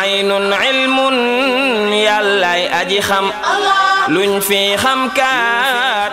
aynun ilmun yàllaay aji xam luñ fi xam kaat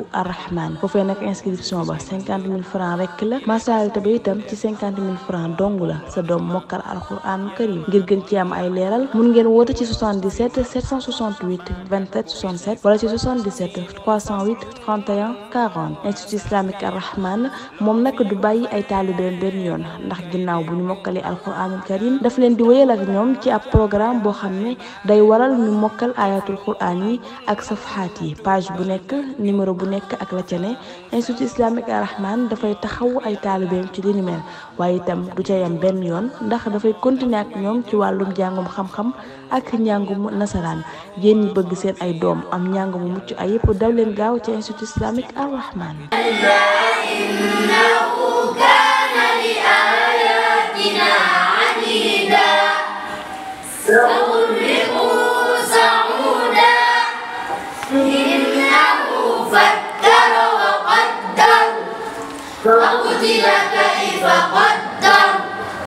Jazbul Arrahman foofee nag inscription ba cinquante mille francs rek la masalita ba itam ci cinquante mille francs dong la sa doom mokkal alquran karim ngir gën ci am ay leeral mun ngeen woote ci wala ci moom nag du bàyyi ay taalibeem benn yoon ndax ginnaaw bu ñu mokkalee alquranul karim daf leen di wéyal ak ñoom ci ab programme boo xam ne day waral ñu mokkal ayatul quran yi ak safaat yi page bu nekk numéro bu nekk ak la ca ne institut islamique al rahman dafay taxaw ay taalibeem ci li ni mel waaye itam du ca yam benn yoon ndax dafay continuer ak ñoom ci wàllum jàngum xam-xam ak njàngum nasaraan yéen ñi bëgg seen ay doom am njàng mu mucc ay daw leen gaaw ci institut islamique al rahman فقتل كيف قدر